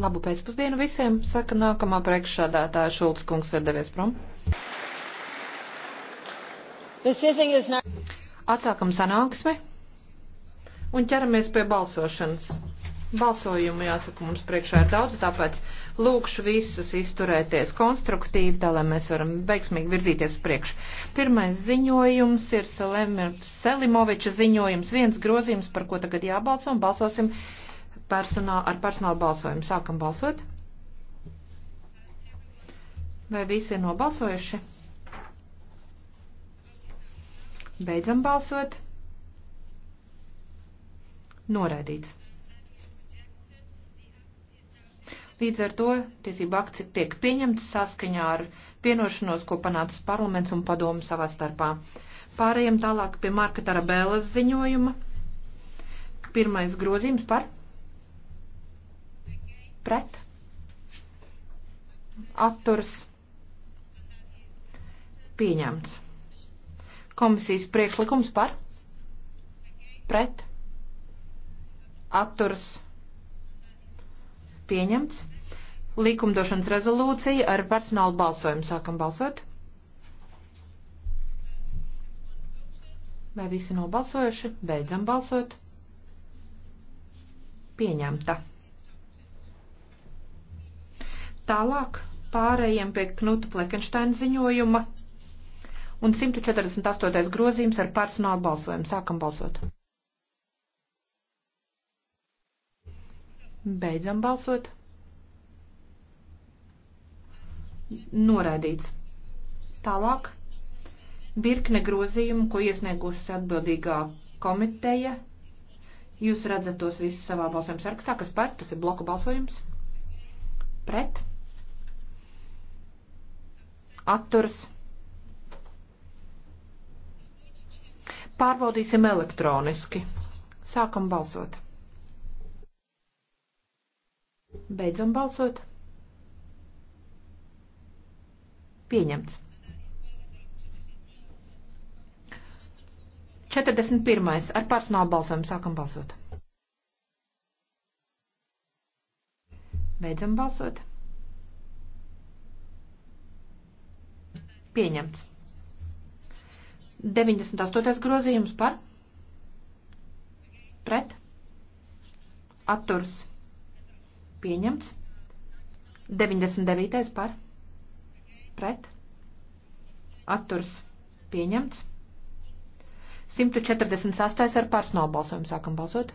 Labu pēcpusdienu visiem, saka nākamā priekšsādātāja Šulc kungs ir devies prom. Atsākam sanāksmi un ķeramies pie balsošanas. Balsojumu jāsaka mums priekšā ir daudz, tāpēc lūkšu visus izturēties konstruktīvi, tā lai mēs varam veiksmīgi virzīties uz priekšu. Pirmais ziņojums ir Selimoviča ziņojums, viens grozījums, par ko tagad jābalso, un balsosim personā, ar personālu balsojumu. Sākam balsot. Vai visi ir nobalsojuši? Beidzam balsot. Noraidīts. Līdz ar to tiesība akts tiek pieņemts saskaņā ar vienošanos, ko panācis parlaments un padomu savā starpā. Pārējiem tālāk pie Marka Tarabēlas ziņojuma. Pirmais grozījums par pret atturs pieņemts. Komisijas priekšlikums par? Pret? Atturas? Pieņemts. Likumdošanas rezolūcija ar personālu balsojumu. Sākam balsot. Vai visi nobalsojuši? Beidzam balsot. Pieņemta. Tālāk pārējiem pie Knuta Fleckensteina ziņojuma un 148. grozījums ar personālu balsojumu. Sākam balsot. Beidzam balsot. Noraidīts. Tālāk. Birkne grozījumu, ko iesniegusi atbildīgā komiteja. Jūs redzat tos visus savā balsojuma sarakstā, kas par, tas ir bloku balsojums. Pret. Atturs. Pārbaudīsim elektroniski. Sākam balsot. Beidzam balsot. Pieņemts. 41. Ar personālu balsojumu sākam balsot. Beidzam balsot. Pieņemts. 98. grozījums par pret atturs pieņemts. 99. par pret atturs pieņemts. 148. ar personālu balsojumu sākam balsot.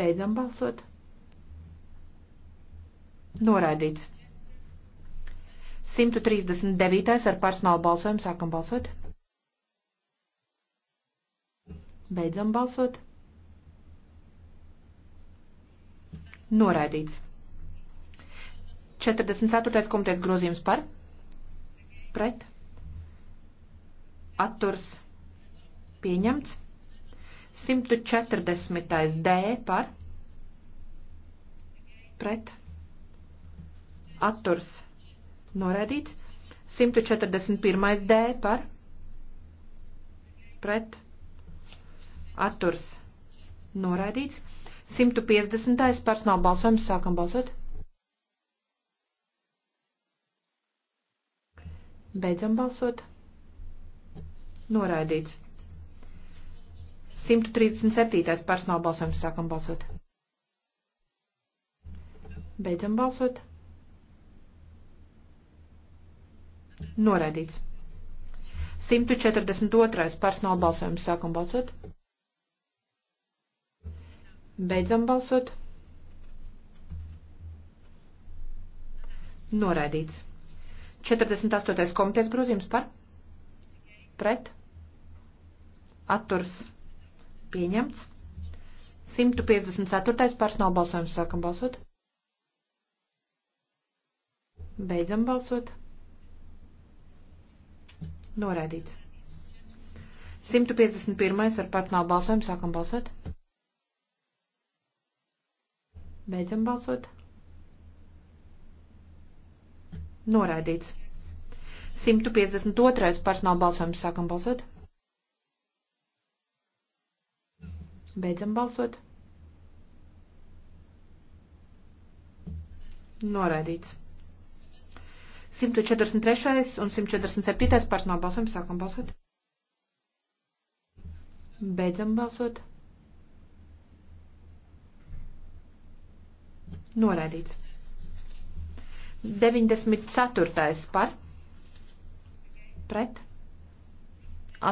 Beidzam balsot. Noraidīts. 139. ar personālu balsojumu sākam balsot. Beidzam balsot. Noraidīts. 44. komitejas grozījums par? Pret? Atturs? Pieņemts. 140. D par? Pret? Atturs? Pieņemts Noraidīts. 141. D par. Pret. Atturs. Noraidīts. 150. personāla balsojums. Sākam balsot. Beidzam balsot. Noraidīts. 137. personāla balsojums. Sākam balsot. Beidzam balsot. Noraidīts. 142. personāla balsojums. Sākam balsot. Beidzam balsot. Noraidīts. 48. komitejas grozījums par. Pret. Atturs. Pieņemts. 154. personāla balsojums. Sākam balsot. Beidzam balsot. Noraidīts. 151. ar personālu balsojumu sākam balsot. Beidzam balsot. Noraidīts. 152. personāla balsojums sākam balsot. Beidzam balsot. Noraidīts. 143. un 147. personāla balsojums. Sākam balsot. Beidzam balsot. Noraidīts. 94. par. Pret.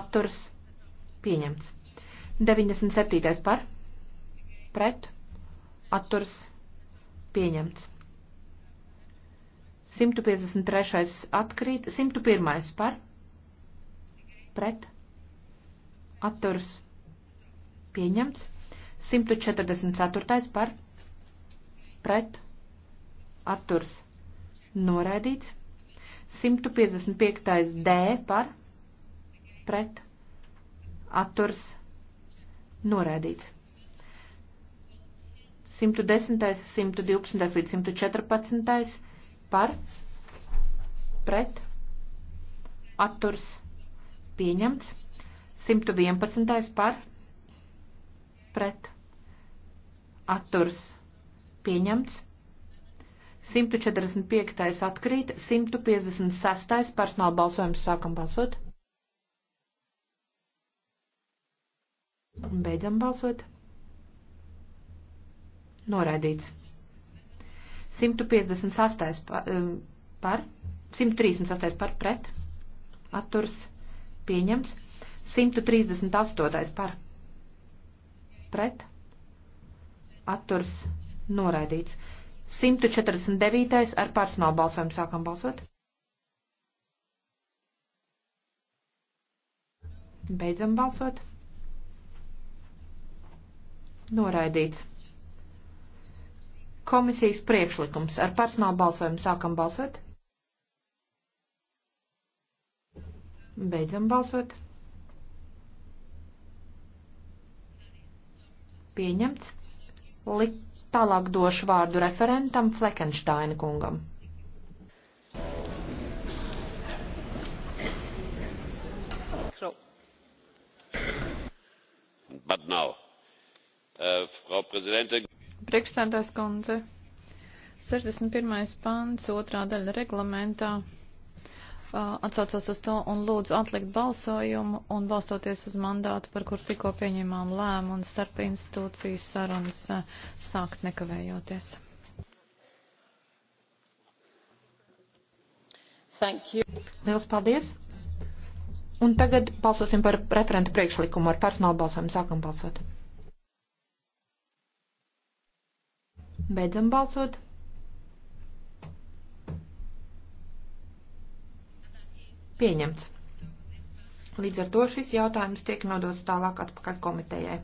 Atturs. Pieņemts. 97. par. Pret. Atturs. Pieņemts. 153. atkrīt, 101. par, pret, atturs, pieņemts, 144. par, pret, atturs, noraidīts, 155. D par, pret, atturs, noraidīts. 110., 112. līdz 114 par, pret, atturs, pieņemts. 111. par, pret, atturs, pieņemts. 145. atkrīt, 156. personāla balsojums sākam balsot. Un beidzam balsot. Noraidīts. 158 eh, par, par 138 par pret, atturs pieņemts, 138 par pret, atturs noraidīts, 149 ar personālu balsojumu sākam balsot. Beidzam balsot. Noraidīts komisijas priekšlikums. Ar personālu balsojumu sākam balsot. Beidzam balsot. Pieņemts. Lik tālāk došu vārdu referentam Fleckensteina kungam. But now, uh, Frau Präsidentin. Priekšstādās kundze, 61. pants, otrā daļa reglamentā atsaucos uz to un lūdzu atlikt balsojumu un balstoties uz mandātu, par kur tikko pieņemām lēmu un starp institūciju sarunas sākt nekavējoties. Liels paldies! Un tagad balsosim par referentu priekšlikumu ar personālu balsojumu. Sākam balsot! Beidzam balsot. Pieņemts. Līdz ar to šis jautājums tiek nodots tālāk atpakaļ komitejai,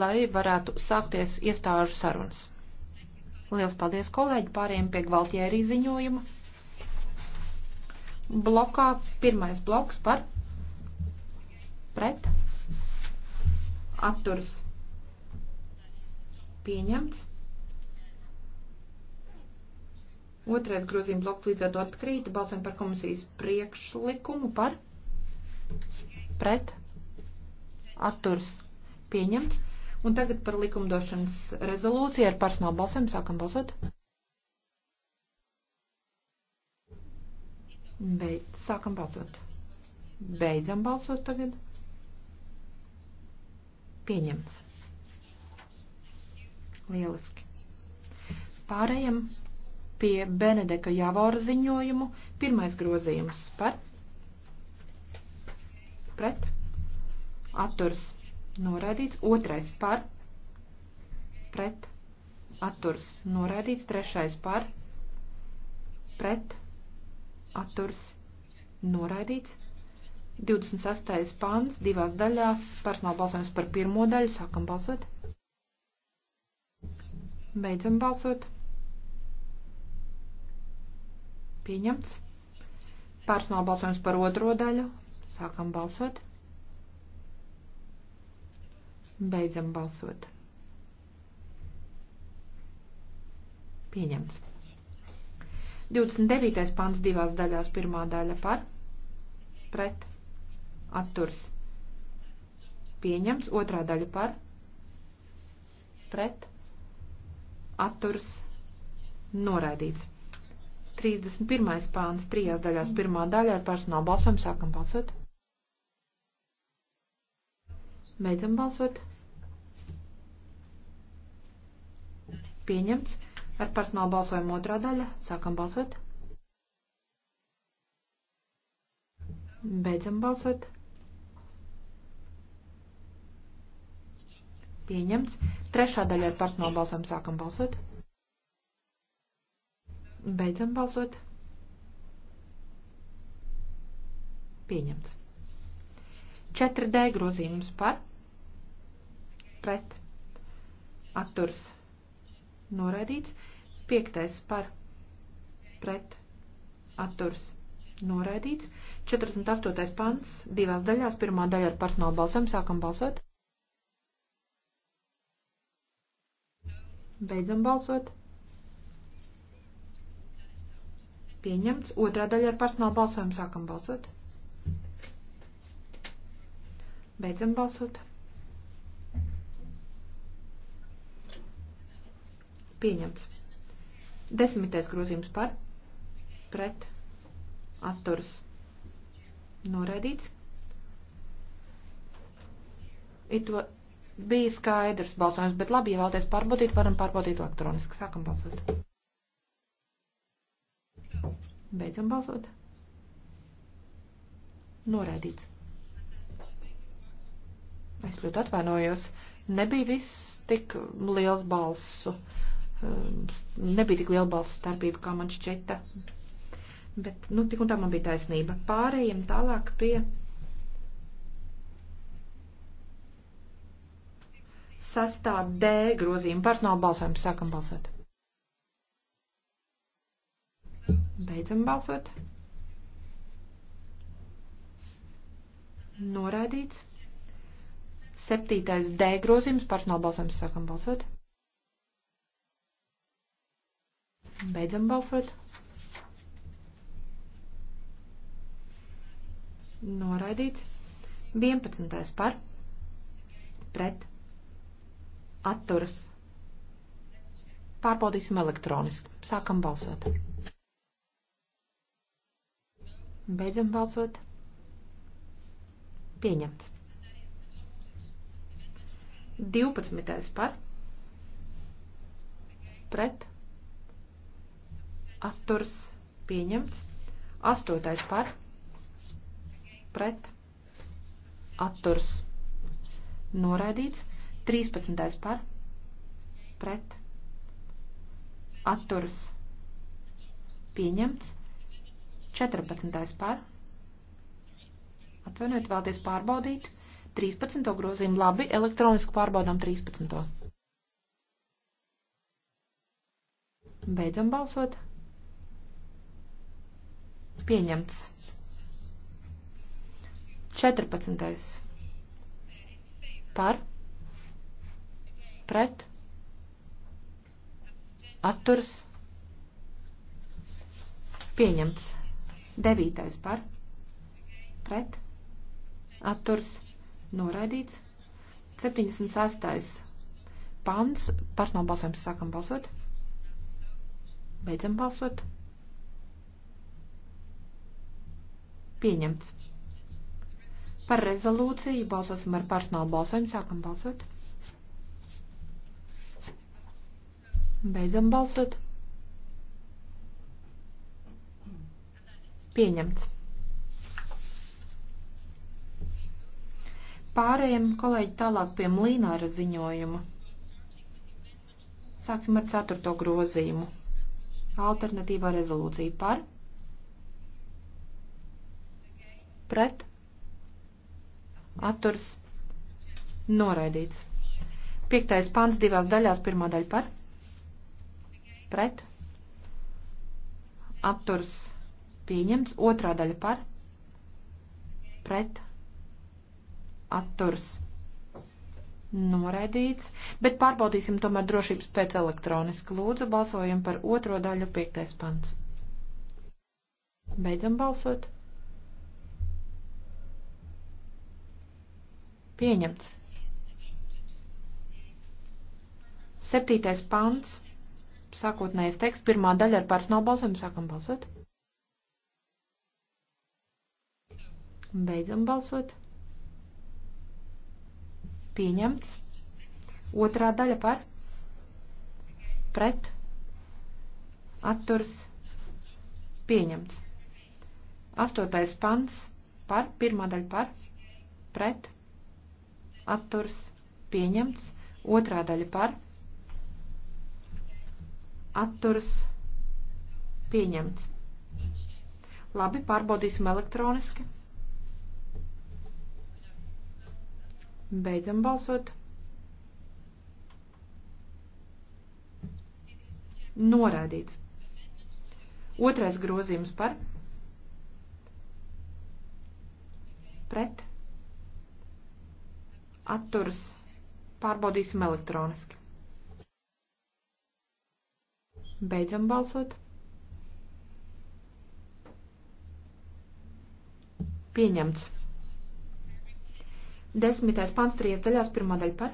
lai varētu sākties iestāžu sarunas. Liels paldies, kolēģi, pāriem pie Gvaltjērī ziņojuma. Blokā pirmais bloks par pret atturas pieņemts. Otrais grozījuma bloks līdz ar to atkrīt. Balsojam par komisijas priekšlikumu par pret atturs pieņemts. Un tagad par likumdošanas rezolūciju ar personālu balsojumu sākam balsot. Beidz, sākam balsot. Beidzam balsot tagad. Pieņemts. Lieliski. Pārējiem pie Benedeka Javora ziņojumu. Pirmais grozījums par pret atturs noraidīts. Otrais par pret atturs noraidīts. Trešais par pret atturs noraidīts. 28. pāns divās daļās. Personāla balsojums par pirmo daļu. Sākam balsot. Beidzam balsot. Pieņemts. Personāla balsojums par otro daļu. Sākam balsot. Beidzam balsot. Pieņemts. 29. pants divās daļās. Pirmā daļa par, pret, atturs. Pieņemts. Otrā daļa par, pret, atturs. Noraidīts. 31. pāns trijās daļās. Pirmā daļa ar personālu balsojumu sākam balsot. Beidzam balsot. Pieņemts. Ar personālu balsojumu otrā daļa sākam balsot. Beidzam balsot. Pieņemts. Trešā daļa ar personālu balsojumu sākam balsot. Beidzam balsot. Pieņemts. 4D grozījums par, pret, atturs, noraidīts. 5. par, pret, atturs, noraidīts. 48. pants, divās daļās, pirmā daļa ar personālu balsojumu, sākam balsot. Beidzam balsot. Pieņemts. Otrā daļa ar personālu balsojumu sākam balsot. Beidzam balsot. Pieņemts. Desmitais grozījums par, pret, atturas, noraidīts. It bija skaidrs balsojums, bet labi, ja vēlaties pārbaudīt, varam pārbaudīt elektroniski. Sākam balsot. Beidzam balsot. Noraidīts. Es ļoti atvainojos. Nebija viss tik liels balsu. Um, nebija tik liela balsu starpība, kā man šķita. Bet, nu, tik un tā man bija taisnība. Pārējiem tālāk pie. Sastāv D grozījuma. Personāla balsojums. Sākam balsot. Beidzam balsot. Noraidīts. Septītais D grozījums. Personāla balsojums sākam balsot. Beidzam balsot. Noraidīts. 11. par. Pret. Atturas. Pārbaudīsim elektroniski. Sākam balsot. Beidzam balsot. Pieņemts. 12. par. Pret. Atturs. Pieņemts. 8. par. Pret. Atturs. Noraidīts. 13. par. Pret. Atturs. Pieņemts. 14. par. Atvainojiet, vēlties pārbaudīt. 13. grozījumu labi, elektroniski pārbaudām 13. Beidzam balsot. Pieņemts. 14. Par. Pret. Atturs. Pieņemts. Devītais par, pret, atturs, noraidīts. 76. pants, personāla balsojums sākam balsot. Beidzam balsot. Pieņemts. Par rezolūciju balsosim ar personālu balsojumu. Sākam balsot. Beidzam balsot. Pieņemts. Pārējiem kolēģi tālāk pie Mlīnāra ziņojuma. Sāksim ar ceturto grozījumu. Alternatīvā rezolūcija par. Pret. Atturs. Noraidīts. Piektais pāns divās daļās. Pirmā daļa par. Pret. Atturs pieņemts, otrā daļa par, pret, atturs, noraidīts, bet pārbaudīsim tomēr drošības pēc elektroniski. Lūdzu, balsojam par otro daļu piektais pants. Beidzam balsot. Pieņemts. Septītais pants. Sākotnējais teksts. Pirmā daļa ar pāris nobalsojumu. Sākam balsot. Beidzam balsot. Pieņemts. Otrā daļa par pret atturs pieņemts. Astotais pants par pirmā daļa par pret atturs pieņemts. Otrā daļa par atturs pieņemts. Labi, pārbaudīsim elektroniski. Beidzam balsot. Norādīts. Otrais grozījums par. Pret. Atturs. Pārbaudīsim elektroniski. Beidzam balsot. Pieņemts. Desmitais pants trīs daļās, pirmā daļa par.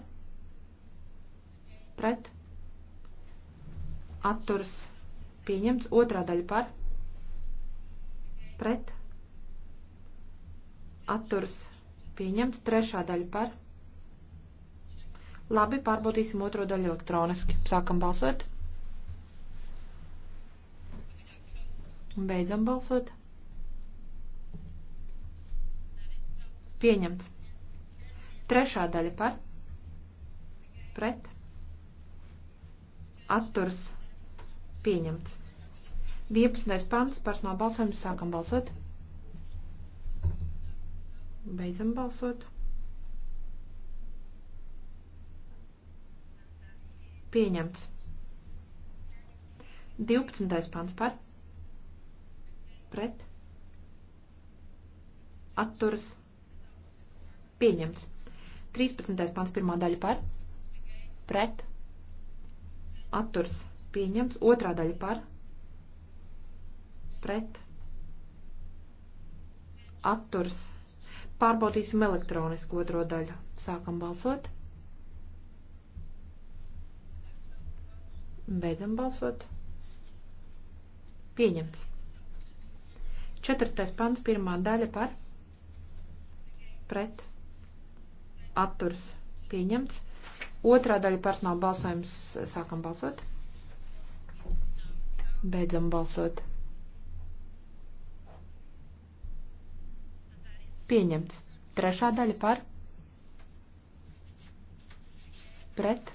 Pret. Atturs pieņemts. Otrā daļa par. Pret. Atturs pieņemts. Trešā daļa par. Labi, pārbaudīsim otro daļu elektroniski. Sākam balsot. Un beidzam balsot. Pieņemts. Trešā daļa par, pret, atturs, pieņemts. 12. pants, personāla balsojums, sākam balsot. Beidzam balsot. Pieņemts. 12. pants par, pret, atturas, pieņemts. 13. pants pirmā daļa par, pret, atturs pieņemts, otrā daļa par, pret, atturs. Pārbaudīsim elektronisku otro daļu. Sākam balsot. Beidzam balsot. Pieņemts. Ceturtais pants, pirmā daļa par, pret, atturs pieņemts. Otrā daļa personāla balsojums. Sākam balsot. Beidzam balsot. Pieņemts. Trešā daļa par. Pret.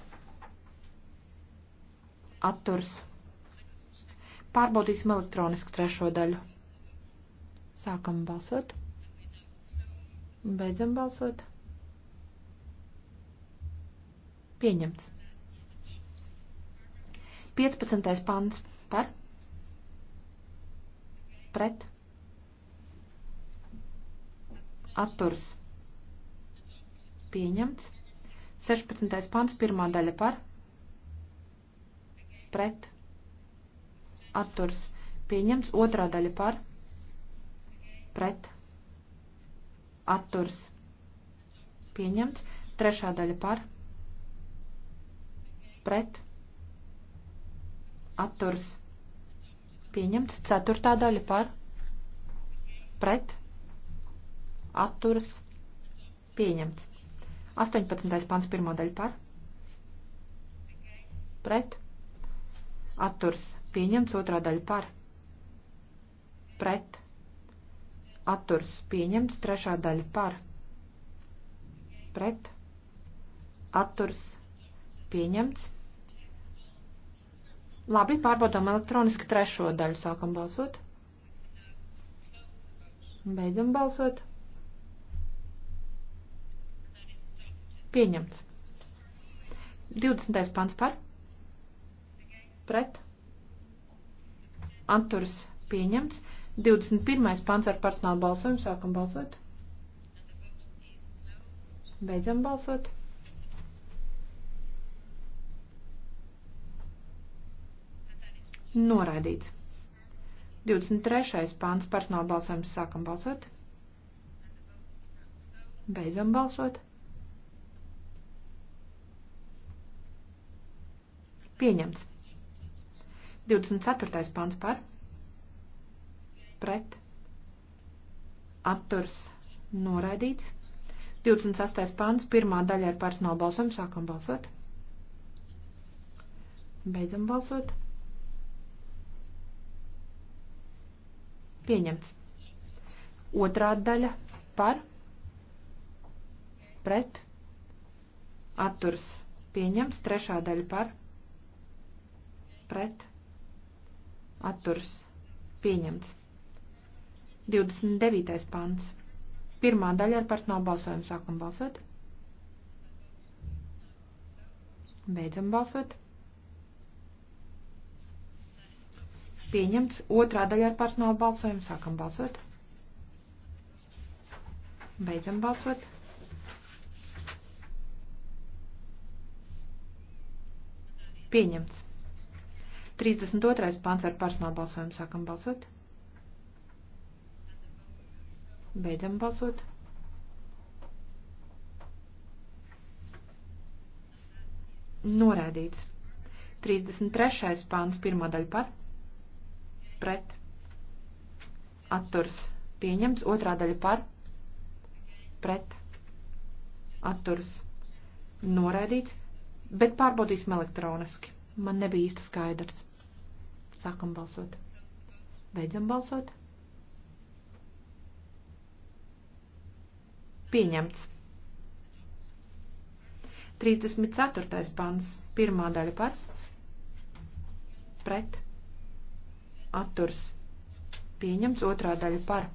Atturs. Pārbaudīsim elektronisku trešo daļu. Sākam balsot. Beidzam balsot. Pieņemts. 15. pants par pret atturs pieņemts. 16. pants pirmā daļa par pret atturs pieņemts. Otrā daļa par pret atturs pieņemts. Trešā daļa par pret pret, atturs, pieņemts. Ceturtā daļa par, pret, atturs, pieņemts. 18. pants pirmā daļa par, pret, atturs, pieņemts. Otrā daļa par, pret, atturs, pieņemts. Trešā daļa par, pret, atturs, pieņemts. Labi, pārbaudām elektroniski trešo daļu. Sākam balsot. Beidzam balsot. Pieņemts. 20. pants par. Pret. Anturis pieņemts. 21. pants ar personālu balsojumu. Sākam balsot. Beidzam balsot. Noraidīts. 23. pāns personāla balsojums sākam balsot. Beidzam balsot. Pieņemts. 24. pāns par. Pret. Atturs. Noraidīts. 28. pāns. Pirmā daļa ir personāla balsojums. Sākam balsot. Beidzam balsot. Pieņemts. Otrā daļa par, pret, atturs. Pieņemts. Trešā daļa par, pret, atturs. Pieņemts. 29. pants. Pirmā daļa ar personālu balsojumu sākam balsot. Beidzam balsot. Pieņemts. Otrā daļa ar personālu balsojumu. Sākam balsot. Beidzam balsot. Pieņemts. 32. pāns ar personālu balsojumu. Sākam balsot. Beidzam balsot. Norēdīts. 33. pāns pirmā daļa par pret atturs pieņemts, otrā daļa par pret atturs noraidīts, bet pārbaudīsim elektroniski. Man nebija īsti skaidrs. Sākam balsot. Beidzam balsot. Pieņemts. 34. pants, pirmā daļa par, pret, atturs pieņemts, otrā daļa par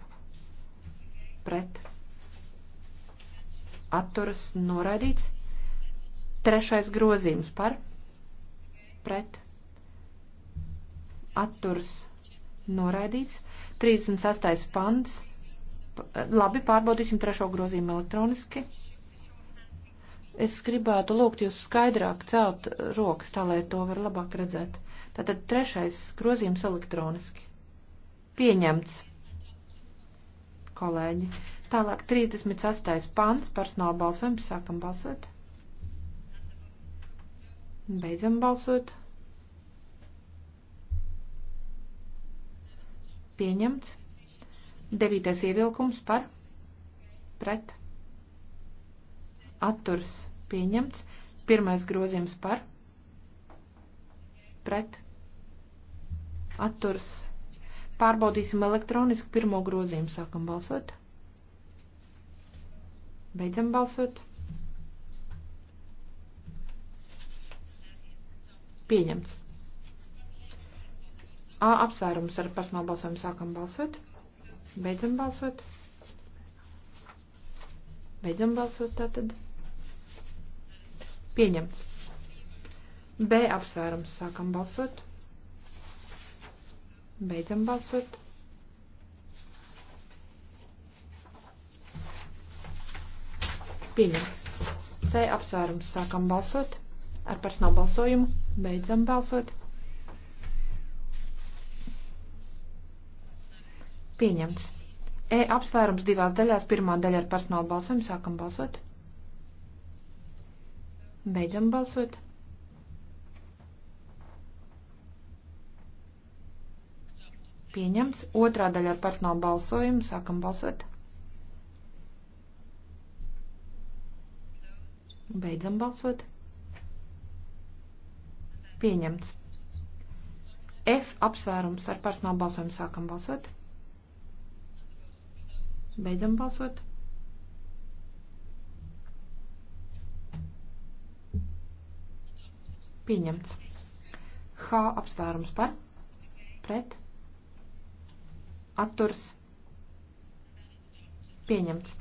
pret atturas noraidīts, trešais grozījums par pret atturas noraidīts, 36. pants. Labi, pārbaudīsim trešo grozījumu elektroniski. Es gribētu lūgt jūs skaidrāk celt rokas, tā lai to var labāk redzēt. Tātad trešais grozījums elektroniski. Pieņemts. Kolēģi. Tālāk 38. pants personāla balsojums. Sākam balsot. Beidzam balsot. Pieņemts. Devītais ievilkums par pret atturs pieņemts. Pirmais grozījums par, pret, atturs. Pārbaudīsim elektroniski pirmo grozījumu. Sākam balsot. Beidzam balsot. Pieņemts. A apsvērums ar personālu balsojumu sākam balsot. Beidzam balsot. Beidzam balsot tātad. Pieņemts. B apsvērums. Sākam balsot. Beidzam balsot. Pieņemts. C apsvērums. Sākam balsot. Ar personālu balsojumu. Beidzam balsot. Pieņemts. E apsvērums divās daļās. Pirmā daļa ar personālu balsojumu. Sākam balsot. Beidzam balsot. Pieņemts. Otrā daļa ar personālu balsojumu. Sākam balsot. Beidzam balsot. Pieņemts. F apsvērums ar personālu balsojumu sākam balsot. Beidzam balsot. Pieņemts. H apsvērums par. Pret. Atturs. Pieņemts.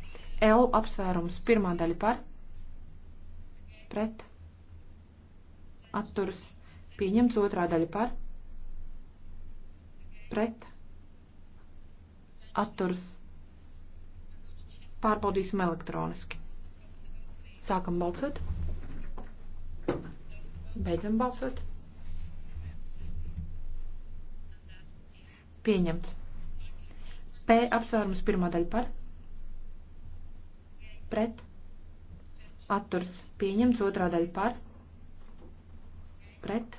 L apsvērums pirmā daļa par. Pret. Atturs. Pieņemts otrā daļa par. Pret. Atturs. Pārbaudīsim elektroniski. Sākam balsot. Beidzam balsot. Pieņemts. P apsvērums pirmā daļa par. Pret. Atturs. Pieņemts otrā daļa par. Pret.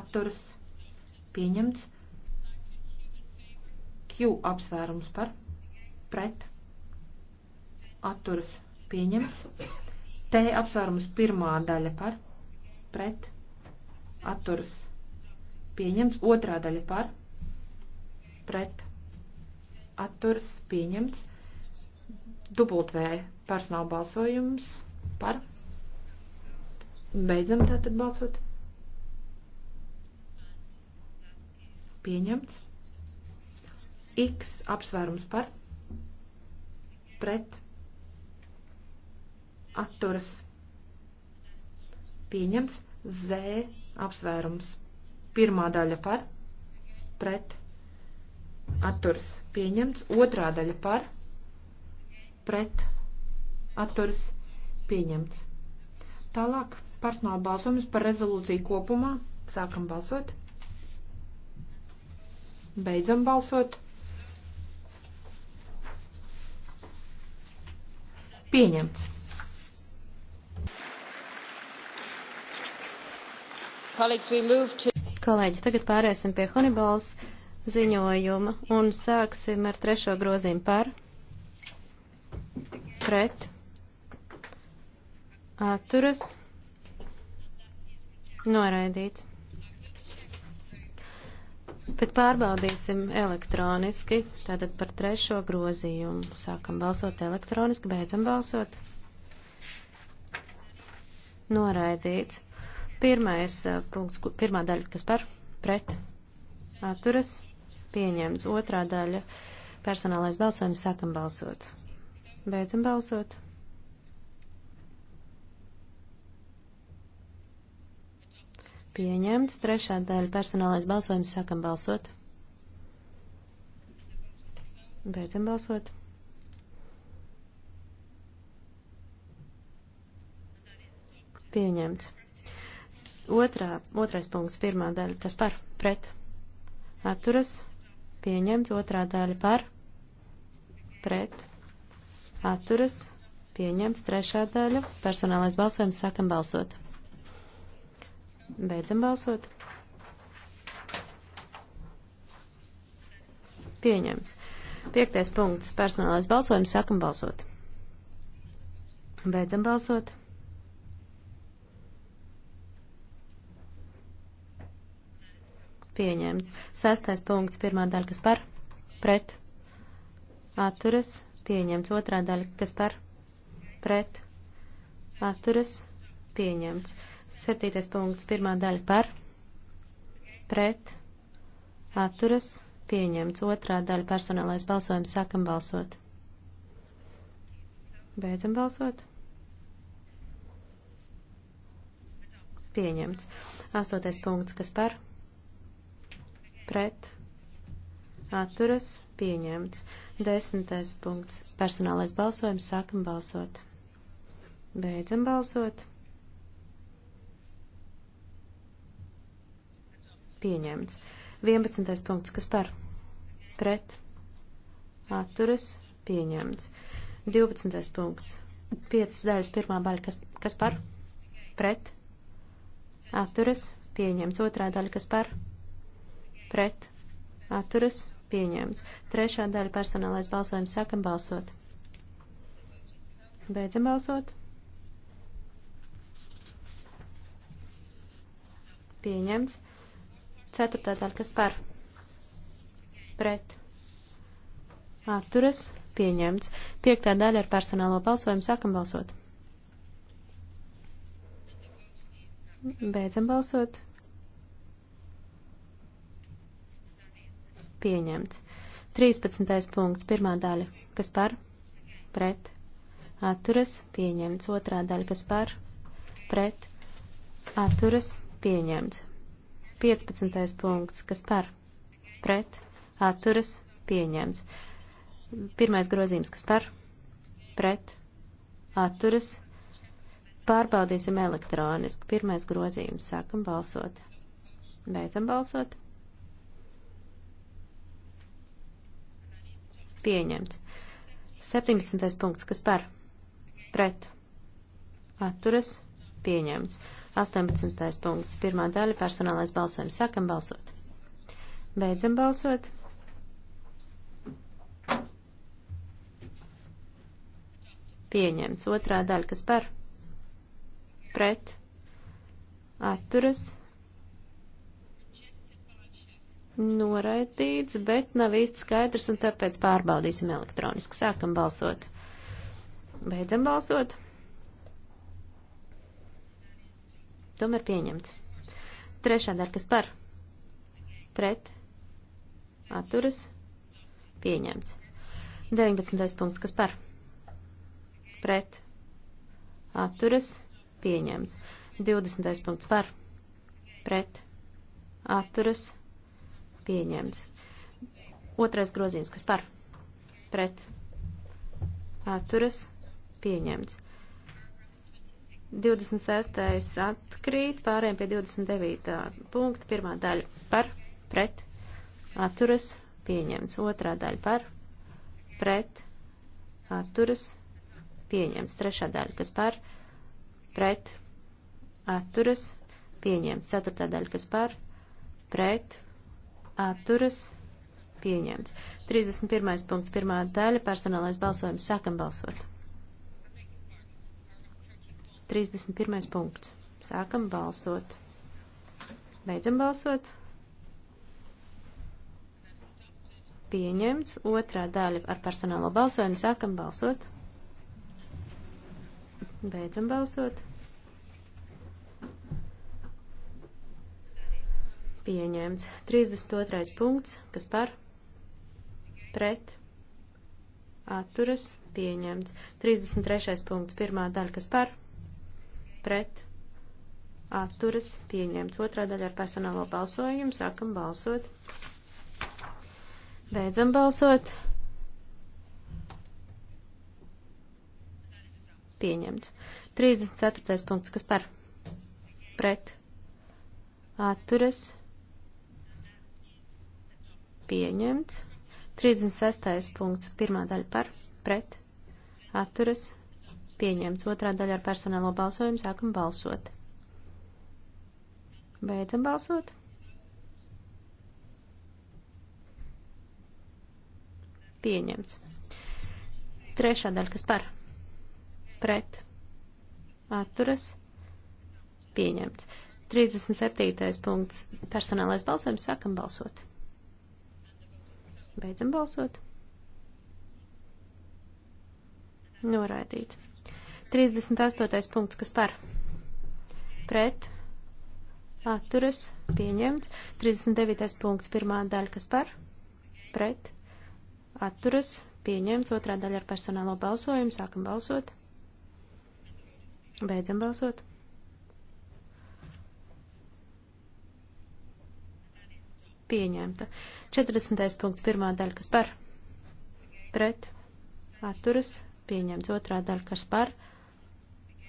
Atturs. Pieņemts. Q apsvērums par. Pret. Atturs. Pieņemts. Te apsvērums pirmā daļa par, pret, atturas, pieņemts. Otrā daļa par, pret, atturas, pieņemts. Dubultvē personāla balsojums par. Beidzam tātad balsot. Pieņemts. X apsvērums par. Pret atturas pieņemts Z apsvērums. Pirmā daļa par, pret, atturas pieņemts, otrā daļa par, pret, atturas pieņemts. Tālāk personāla balsojums par rezolūciju kopumā. Sākam balsot. Beidzam balsot. Pieņemts. Kolēģi, tagad pārēsim pie Honibals ziņojuma un sāksim ar trešo grozīmu par, pret, atturas, noraidīts. Bet pārbaudīsim elektroniski, tātad par trešo grozījumu. Sākam balsot elektroniski, beidzam balsot. Noraidīts. Pirmais uh, punkts, pirmā daļa, kas par pret atturas pieņems. Otrā daļa personālais balsojums sākam balsot. Beidzam balsot. Pieņemts. Trešā daļa personālais balsojums sākam balsot. Beidzam balsot. Pieņemts. Otrā, otrais punkts, pirmā daļa, kas par, pret, atturas, pieņemts, otrā daļa par, pret, atturas, pieņemts, trešā daļa, personālais balsojums, sākam balsot. Beidzam balsot. Pieņemts. Piektais punkts. Personālais balsojums. Sākam balsot. Beidzam balsot. pieņemts. Sastais punkts, pirmā daļa, kas par, pret, atturas, pieņemts. Otrā daļa, kas par, pret, atturas, pieņemts. Septītais punkts, pirmā daļa par, pret, atturas, pieņemts. Otrā daļa personālais balsojums, sākam balsot. Beidzam balsot. Pieņemts. Astotais punkts, kas par, pret pret atturas pieņemts. Desmitais punkts personālais balsojums sākam balsot. Beidzam balsot. Pieņemts. 11. punkts, kas par? Pret. Atturas. Pieņemts. 12. punkts. 5 daļas pirmā daļa, kas, kas par? Pret. Atturas. Pieņemts. Otrā daļa, kas par? Pret pret, atturas, pieņemts. Trešā daļa personālais balsojums sākam balsot. Beidzam balsot. Pieņemts. Ceturtā daļa, kas par, pret, atturas, pieņemts. Piektā daļa ar personālo balsojumu sākam balsot. Beidzam balsot. pieņemts. 13. punkts, pirmā daļa, kas par, pret, atturas, pieņemts. Otrā daļa, kas par, pret, atturas, pieņemts. 15. punkts, kas par, pret, atturas, pieņemts. Pirmais grozījums, kas par, pret, atturas, pārbaudīsim elektroniski. Pirmais grozījums, sākam balsot. Beidzam balsot. Pieņemts. 17. punkts. Kas par? Pret. Atturas. Pieņemts. 18. punkts. Pirmā daļa - personālais balsojums. Sākam balsot. Beidzam balsot. Pieņemts. Otrā daļa - kas par? Pret. Atturas noraidīts, bet nav īsti skaidrs, un tāpēc pārbaudīsim elektroniski. Sākam balsot. Beidzam balsot. Tomēr pieņemts. Trešā daļa, kas par? Pret. Atturas. Pieņemts. 19. punkts, kas par? Pret. Atturas. Pieņemts. 20. punkts par? Pret. Atturas. Pieņemts pieņemts. Otrais grozījums, kas par pret atturas pieņemts. 26. atkrīt, pārējiem pie 29. punkta, pirmā daļa par pret atturas pieņemts, otrā daļa par pret atturas pieņemts, trešā daļa, kas par pret atturas pieņemts, ceturtā daļa, kas par pret atturas pieņemts. 31. punkts, pirmā daļa, personālais balsojums, sākam balsot. 31. punkts, sākam balsot. Beidzam balsot. Pieņemts. Otrā daļa ar personālo balsojumu. Sākam balsot. Beidzam balsot. pieņemts. 32. punkts, kas par pret atturas pieņemts. 33. punkts, pirmā daļa, kas par pret atturas pieņemts. Otrā daļa ar personālo balsojumu, sākam balsot. Beidzam balsot. Pieņemts. 34. punkts, kas par pret atturas pieņemts atturas pieņemts. 36. punkts, pirmā daļa par, pret, atturas, pieņemts. Otrā daļa ar personālo balsojumu sākam balsot. Beidzam balsot. Pieņemts. Trešā daļa, kas par, pret, atturas, pieņemts. 37. punkts, personālais balsojums sākam balsot. Beidzam balsot. Noraidīts. 38. punkts, kas par? Pret. Atturas. Pieņemts. 39. punkts, pirmā daļa, kas par? Pret. Atturas. Pieņemts. Otrā daļa ar personālo balsojumu. Sākam balsot. Beidzam balsot. pieņemta. 40. punkts, pirmā daļa, kas par, pret, atturas, pieņemts. Otrā daļa, kas par,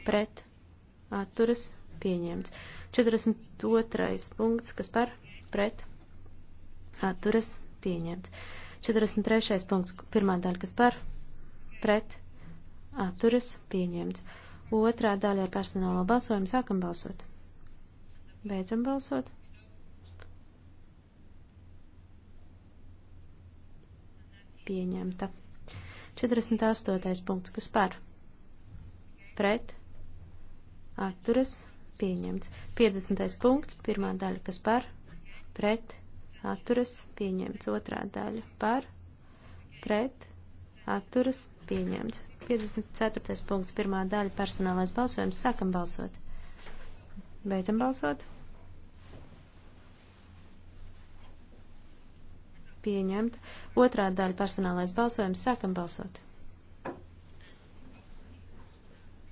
pret, atturas, pieņemts. 42. punkts, kas par, pret, atturas, pieņemts. 43. punkts, pirmā daļa, kas par, pret, atturas, pieņemts. Otrā daļa ir personālo balsojumu, sākam balsot. Beidzam balsot. pieņemta. 48. punkts, kas par, pret, atturas, pieņemts. 50. punkts, pirmā daļa, kas par, pret, atturas, pieņemts. Otrā daļa, par, pret, atturas, pieņemts. 54. punkts, pirmā daļa, personālais balsojums, sākam balsot. Beidzam balsot. pieņemta. Otrā daļa personālais balsojums. Sākam balsot.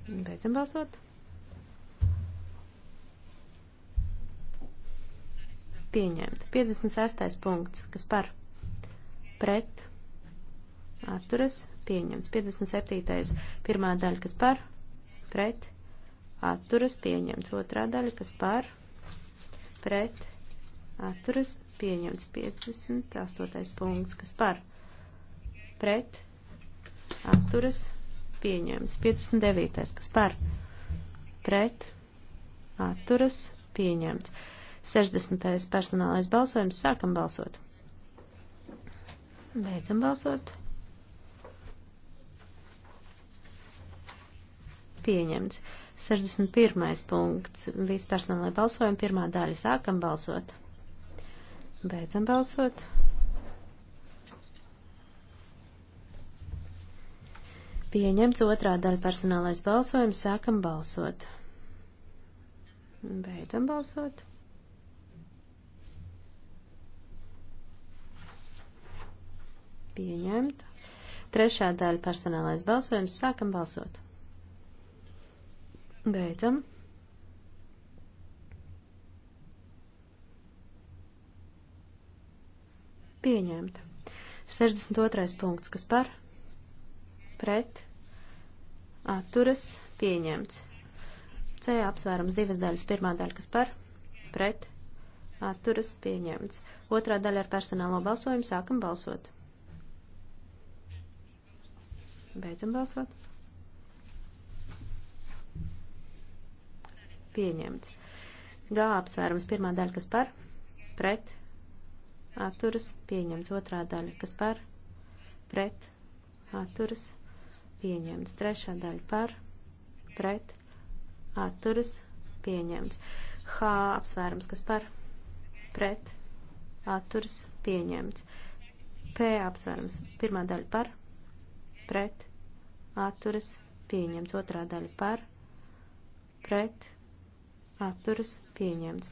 Beidzam balsot. Pieņemta. 56. punkts. Kas par? Pret. Atturas. Pieņemts. 57. Pirmā daļa. Kas par? Pret. Atturas. Pieņemts. Otrā daļa. Kas par? Pret. Atturas pieņemts 58. punkts, kas par pret atturas pieņemts 59. kas par pret atturas pieņemts 60. personālais balsojums sākam balsot. Beidzam balsot. Pieņemts. 61. punkts. Viss personālai balsojumi. Pirmā daļa. Sākam balsot. Beidzam balsot. Pieņemts otrā daļa personālais balsojums, sākam balsot. Beidzam balsot. Pieņemt. Trešā daļa personālais balsojums, sākam balsot. Beidzam balsot. pieņemta. 62. punkts, kas par, pret, atturas, pieņemts. C apsvērums divas daļas, pirmā daļa, kas par, pret, atturas, pieņemts. Otrā daļa ar personālo balsojumu sākam balsot. Beidzam balsot. Pieņemts. G apsvērums pirmā daļa, kas par, pret, atturas atturas pieņemts. Otrā daļa, kas par, pret, atturas pieņemts. Trešā daļa par, pret, atturas pieņemts. H apsvērums, kas par, pret, atturas pieņemts. P apsvērums, pirmā daļa par, pret, atturas pieņemts. Otrā daļa par, pret, atturas pieņemts.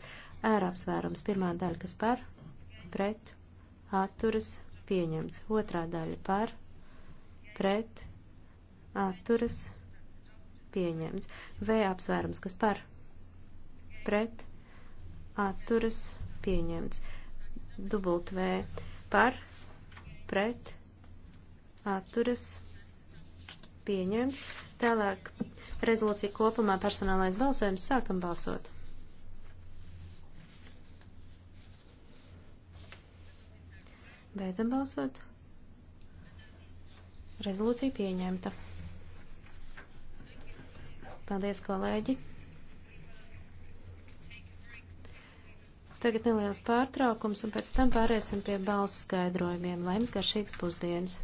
R apsvērums, pirmā daļa, kas par, pret, pret, atturas, pieņemts. Otrā daļa par, pret, atturas, pieņemts. V apsvērums, kas par, pret, atturas, pieņemts. Dubult V par, pret, atturas, pieņemts. Tālāk rezolūcija kopumā personālais balsojums sākam balsot. Beidzam balsot. Rezolūcija pieņemta. Paldies, kolēģi. Tagad neliels pārtraukums, un pēc tam pāriesim pie balsu skaidrojumiem. Lai jums garšīgs pusdienas!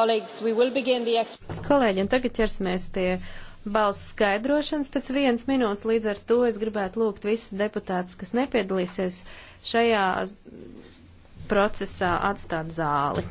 Kolēģi, un tagad ķersimies pie balsu skaidrošanas pēc vienas minūtes. Līdz ar to es gribētu lūgt visus deputātus, kas nepiedalīsies šajā procesā, atstāt zāli.